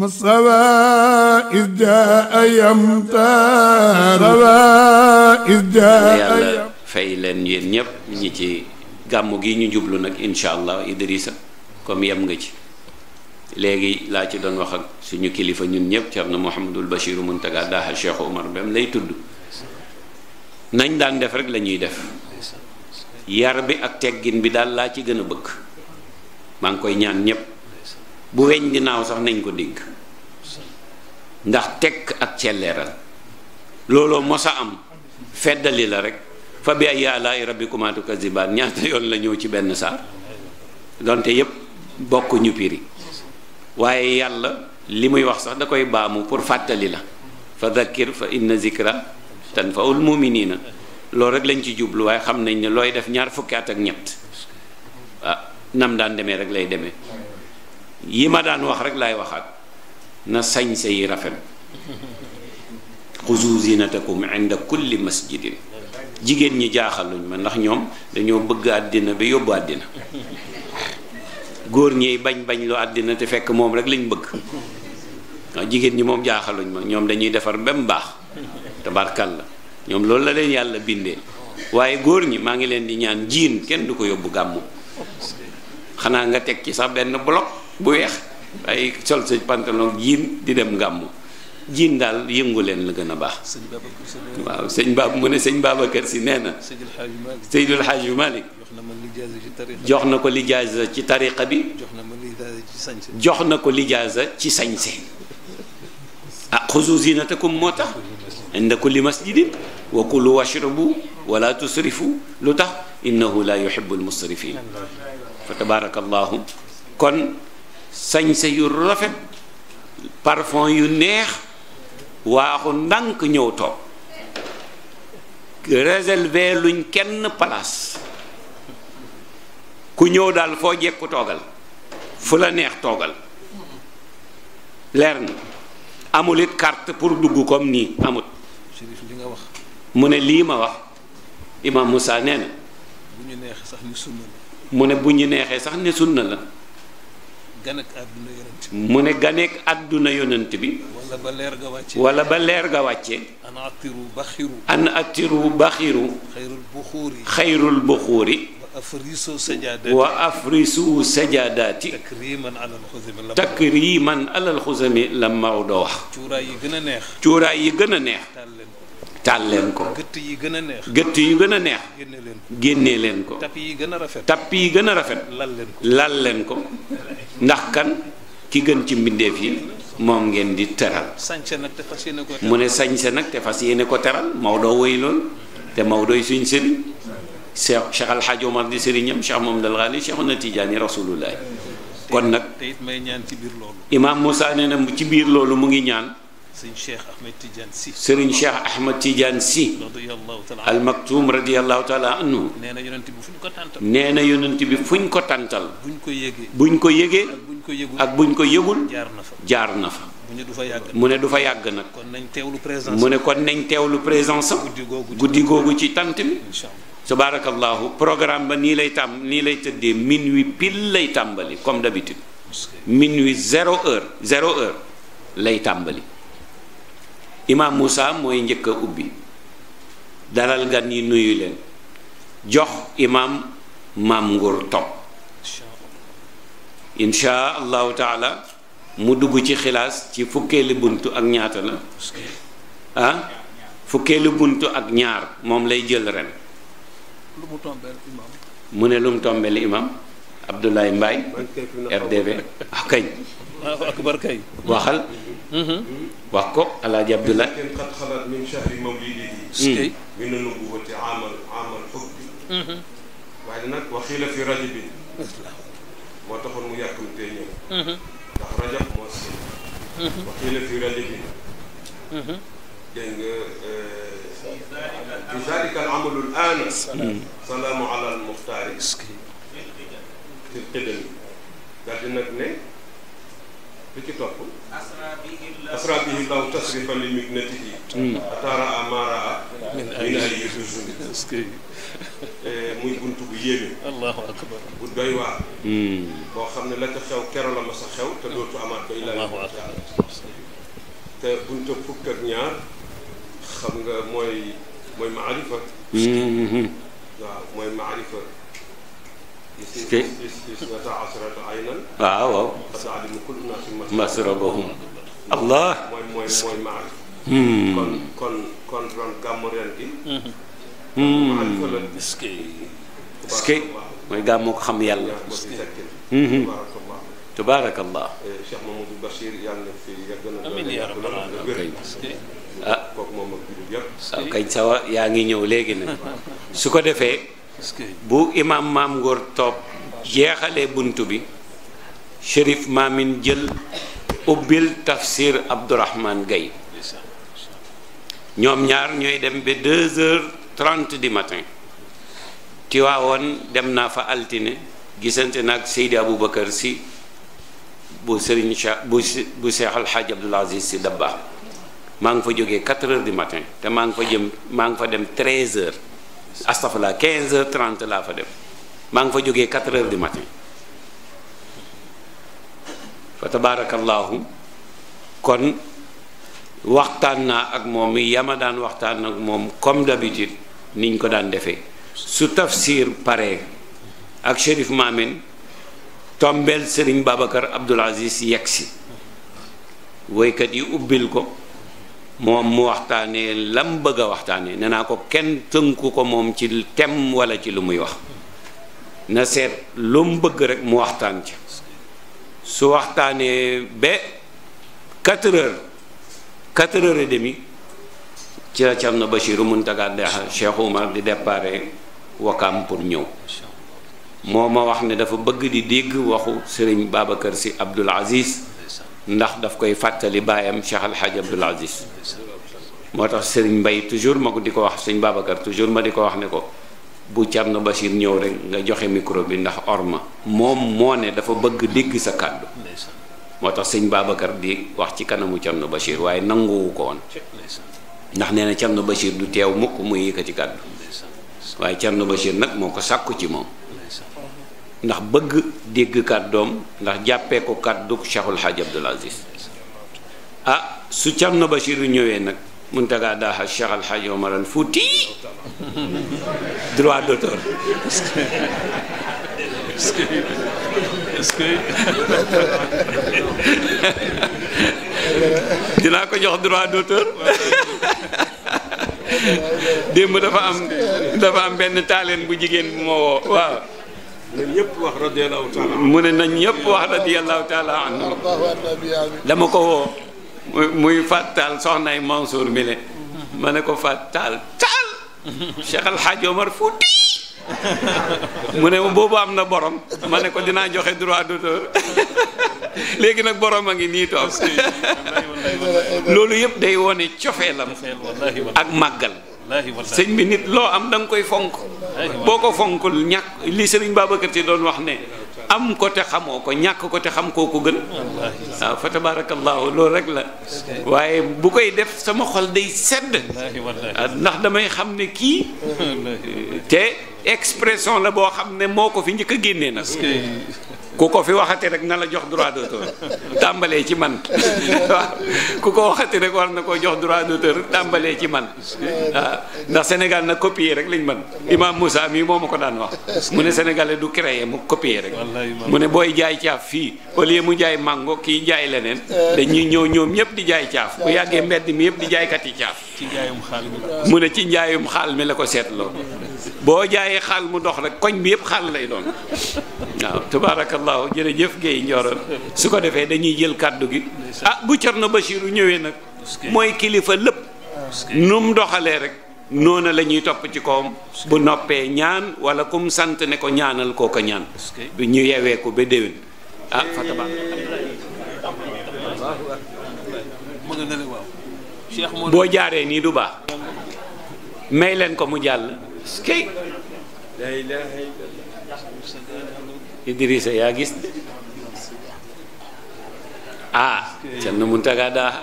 مصطفى إذ جاء يمتار إذ جاء يلا fay leen yéen ñépp ñi ci gàmm gi ñu jublu nag incha allah Idrissa comme yem nga ci léegi laa ci doon wax ak suñu kilifa ñun ñépp Cerno Mouhamadul Bachir Muntaga Daaxal Cheikh Omar bam lay tudd nañ daan def rek lañuy def yar bi ak teggin bi daal laa ci gën a bëgg maa ngi koy ñaan ñépp bu weñ di naaw sax nañ ko dégg ndax tekk ak celleeral looloo mos a am feddali la rek fa bi ay yàllaay rabbikumaa tukazzibaan ñaata yoon la ñëw ci benn saar donte yépp bokk ñu piri waaye yàlla li muy wax sax da koy baamu pour fàttali la fa dhakkir fa inna zikra tanfaul muminina loolu rek lañ ci jublu waaye xam nañ ne looy def ñaar fukki at ak ñett nam daan demee rek lay demee yi ma daan wax rek laay waxaat na sañse yi rafet xuzu zinatakum inda kulli masjidin jigéen ñi jaaxaluñ ma ndax ñoom dañoo bëgg àddina bi yóbbu àddina góor ñiy bañ bañ lu àddina te fekk moom rek lañ bëgg waaw jigéen ñi moom jaaxaluñ ma ñoom dañuy defar ba mu baax tabarkal la ñoom loolu la leen yàlla bindee waaye góor ñi maa ngi leen di ñaan jiin kenn du ko yóbbu gàmmu xanaa nga teg ci sax benn bloc bu weex ay sol sa pantalon jiin di dem ngàmm jiin daal yëngu leen la gën a baax waaw sëñ baab mu ne sëñ Babacar Si nee na Seydul Xaaju Malik jox na ko lijaasa ci tariqa bi jox na ko lijaasa ci sañse ah xuzu zinatakum moo tax inda kulli masjidin wa kulu washrabu wala tusrifu lu tax innahu la yuhibbul musrifin fa tabaarakallahu kon sañse yu rafet parfon yu neex waaxu ndànk ñëw toog réserver luñ kenn place ku ñëw daal foo jekku toogal fu la neex toogal leer na amul it carte pour dugg comme nii amut mu ne lii ma wax imam Moussa nee na mu ne bu ñu neexee sax ne sunna la ganek mu ne ganek àdduna yonent bi. wala ba leer ga wàcce. wala ba leer ga wàcce. an attiru baxiru. an attiru baxiru. xayrul buxuuri. xayrul buxuuri. wa afrisu sajaadaati. wa afrisu sajaadaati. takriman alal xusami la. takriman alal xusami la Maodo wax. cuuraay yi gën a neex. cuuraay yi gën a neex. taal leen ko gëtt yi gën a neex gëtt yu gën a neex génnee leen ko tapp yi gën a rafet tapp yi gën a rafet lal leen ko lal leen ko ndax kan ki gën ci mbindeef yi moom ngeen di teral mu ne sañse nag te fas yéene ko teral Maodo woy lool te Maodo suñ sëriñ Cheikh Cheikh Al Hadj Omar di sëriñam Cheikh moom Al Ghali Cheikh na Tijaani Rasulullahi kon nag imaam Moussa nee na ci biir loolu mu ngi ñaan sëriñ Cheikh Ahmed Tidiane si. sëriñ Cheikh Ahmed Tidiane si. almaktum radiyallahu taala anhu. nee na yonent bi fuñ ko tàntal. nee na yonent bi fuñ ko tàntal. buñ ko yëgee. buñ ko yëgee. ak buñ ko yëgul. jaar na fa jaar na mu ne du fa yàgg nag mu ne du fa yàgg nag. kon nañ teew lu mu ne kon nañ teewlu présence. guddi googu guddi googu ci tant bi. incha allah programme ba nii lay tàmm nii lay tëddee minuit pile lay tàmbali comme d'habitude. minuit zéro heure zéro heure lay tàmbali. imaam Moussa mooy njëkk a ubbi dalal gan yi nuyu leen jox imaam maam Ngour topp insha allahu taala mu dugg ci xilaas ci fukkeelu buntu ak ñaata la ah fukkeelu buntu ak ñaar moom lay jël ren mu ne lu mu tombeel imaam Abdoulaye Mbaye RDV ah, kañ waxal Mm-hmm. wax ko alaaji abdullah qad xalat min chahri mawlidihi mm. min nubuwati amal amal xubbi mm-hmm. waaye nag waxiila fi rajabin moo taxoon mu yàkkamtee ñëw mm-hmm. ndax rajab moo si waxiila fi rajabin dégg nga bizalika eh, al amalu al aana salaamu ala al muxtaari til qidami daal di nag ne li ci topp asra bihi llahu tasrifan li mignatihi hmm. ataara a maaraa min ay yususun eh, muy bunt bu yéeme allahu akbar bu hmm. boo xam ne la ca xew kero la ma sa xew te dootu amaat ba ilaa allahu te bunta fukk ak ñaar xam nga mooy mooy maarifa hmm, waaw ki waaw waaw masrabahum allah mooy mooy maal kon kon kon ron gàmmu ren gi skey mooy gàmmu ko xam yàlla hmm. tabaarakallah Cheikh Mamadou Bachir yàlla na fi yàgg na amiin yaa rabbal aalamiin ah kooku moom ak ah. jullit yëpp kañ sawa yaa ngi ñëw léegi nag su ko defee bu imaam maam ngóor toog bunt bi shérif maamin jël ubbil tafsir abdourahman gay ñoom ñaar ñooy dem ba deux heures trente du matin Tiwaawoon dem naa fa altine gisante nag Seydi Aboubacar si bu Serigne Cheikh bu bu Cheikh Al Hadj Abdoul Aziz si Dabba maa ngi fa jógee quatre heures matin te maa ngi fa jëm maa ngi fa dem treize heures astafurlah 15 heures 30 laa fa dem maa ngi fa jógee 4 heures du matin fa tabaarakallaahu kon waxtaan naa ak moom yama daan waxtaan ak moom comme d'habitude niñ ko daan defee su tafsir pare ak Chérif Maamin tombeel Serigne Babacar Abdoul Aziz yegsi woykat yi ubbil ko moom mu waxtaanee la bëgg a waxtaanee nee naa ko kenn tënku ko moom ci tem wala ci lu muy wax na seet lu mu bëgg rek mu waxtaan ci su waxtaanee ba quatre heures quatre heures et demie ci la Cerno Bachiru Muntaga di déparé Wakaam pour ñëw moo ma wax ne dafa bëgg di dégg waxu Sëriñ Babacar Si Abdul Aziz ndax daf koy fàttali baayam Cheikh Al Hadj Abdoul Aziz moo tax Serigne mbay toujours ma ko di ko wax sëñ Babacar toujours ma di ko wax ne ko bu Thierno Bachir ñëw rek nga joxe micro ndax orma moom moo ne dafa bëgg dégg sa kàddu moo tax sëñ Babacar di wax ci kanamu Thierno Bachir waaye nanguwu ko woon ndax nee na Thierno Bachir du teew mukk muy yëkkati kàddu waaye Thierno nag moo ko sàkku ci moom. ndax bëgg dégg kàddoom ndax jàppee ko kàdduk Cheikhul Hadj Abdoul Aziz ah su Thierno Bachir ñëwee nag Muntaga daaxa Cheikh Al Hadj Omar al droit d'auteur dinaa ko jox droit d'auteur démb dafa am dafa am benn taaleen bu jigéen bu ma woo waaw na ñëpp wax radiyallahu taala mu ne na ñëpp wax radiyallahu taala anhu dama ko woo muy fàttaal soxnaay Mansour mi le ma ne ko fàttaal taal Cheikh Al Hadj Omar Fouti mu ne boobu am na borom ma ne ko dinaa joxe droit d'auteur léegi nag borom a ngi nii toog loolu yëpp day wone cofeelam ak màggal sëñ bi nit loo am danga koy fonk boo ko fonk fonkul ñàkk li sëriñ Babacar Sy doon wax ne am ko te xamoo ko ñàkk ko te xam koo ko gën waaw fa tabaarakallaahu loolu rek la waaye bu koy def sama xol day sedd ah, ndax damay xam ne kii te expression la boo xam ne moo ko fi njëkk a génnee nag ku ko fi waxati rek na la jox droit d'auteur tàmbalee ci man waaw ku ko waxati rek na koo jox droit d'auteur tàmbalee ci man ndax Sénégal na copier rek lañ mën Imam Moussa mii moo ma ko daan wax mu ne sénégalais du créer mu copier rek mu ne booy jaay caaf fii au lieu mu jaay mango kii jaay leneen dañuy ñëw ñoom ñëpp di jaay caaf bu yàggee mbedd mi yëpp di jaaykat yi caaf mu ne ci njaayum xaal mi la ko seetloo boo jaayee xaal mu dox rek koñ bi yëpp xaal lay doon waaw tabaarakallaahu jërëjëf Guèye Ndioro su ko defee dañuy jël kàddu gi ah bu Cerno Bachiru ñëwee nag mooy kilifa lépp nu doxalee rek noona lañuy topp ci kawam bu noppee ñaan wala kum sant ne ko ñaanal koo ko ñaan bi ñu yewee ko ba déwén ah, boo jaaree nii du baax may leen ko mu jàll skey laa ilaaha illallah Idrissa yaa gis de ah Cerno Muntaga Daha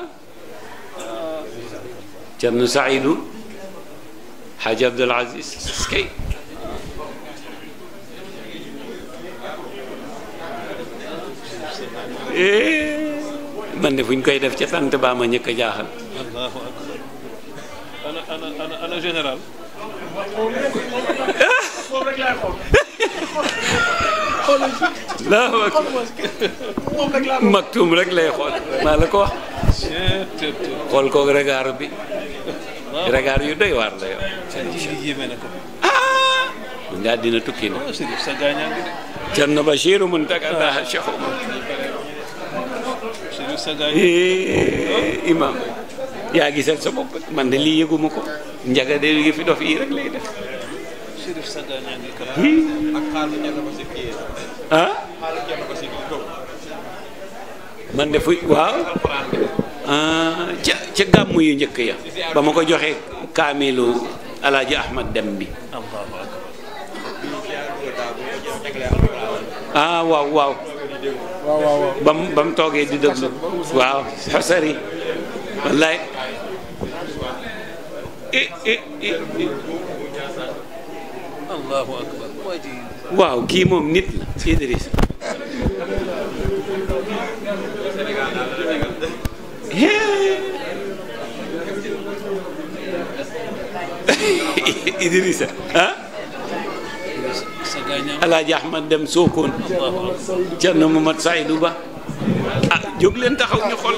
Cerno Saidu Haji Abdul Aziz skey eh, man de fu koy def ca sant baa ma ñëkk a jaaxal. ana ana ana laa maktum rek lay xool maa la ko wax xool ko regard bi regard yu doy waar la yow mun ah! ngaa dina tukki na Cerno Bachir mun taga daa Cheikh Oumar imam yaa gisal sa bopp man de lii yëguma ko njaga de yi fi dof rek lay def. ah. man de fu waaw. Ah, ca ca gàmm njëkk ya ba ma ko joxee kaamilu alaaji ahmad dem bi ah waaw waaw bam bam toogee di déglu waaw xasari wallaay Eh, eh, eh, allahu akbar waaw kii moom nit la Idriss Idrissa ah Alaaji Ahmad dem Sokone Cerno Mamad Saydu Ba ah jóg leen taxaw ñu xool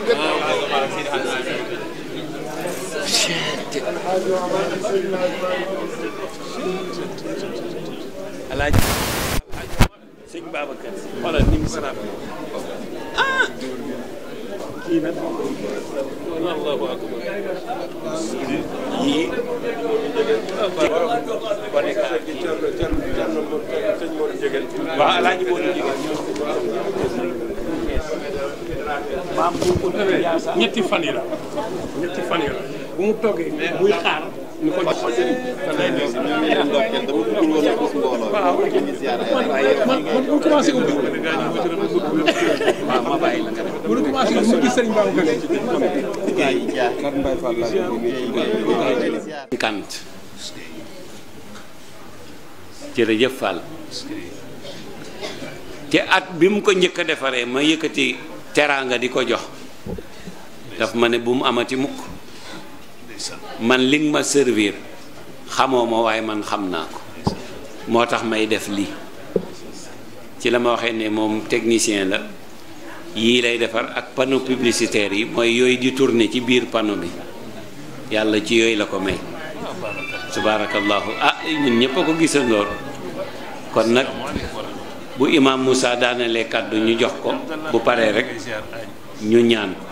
mbégte alaaji sëñ Babacar xoolal ni mu sarab ah kii nag allahu akbar yii waaw alaaji moo ñu jégal ñetti fan yi la ñetti fan yi la bu mu toggee muy te at bi mu ko jëkk defaree ma yëkkati teraanga di ko jox daf ma ne bu mu amati mukk man li ma servir xamoo ma waaye man xam naa ko moo tax may def lii ci la ma waxee ne moom technicien la yii lay defar ak panneau publicitaire yi mooy yooyu di turne ci biir panneau bi yàlla ci yooyu la ko may subaarakallaahu ah ñun ñëpp a ko gisandoor kon nag bu imaam Moussa daanalee kàddu ñu jox ko bu pare rek ñu ñaan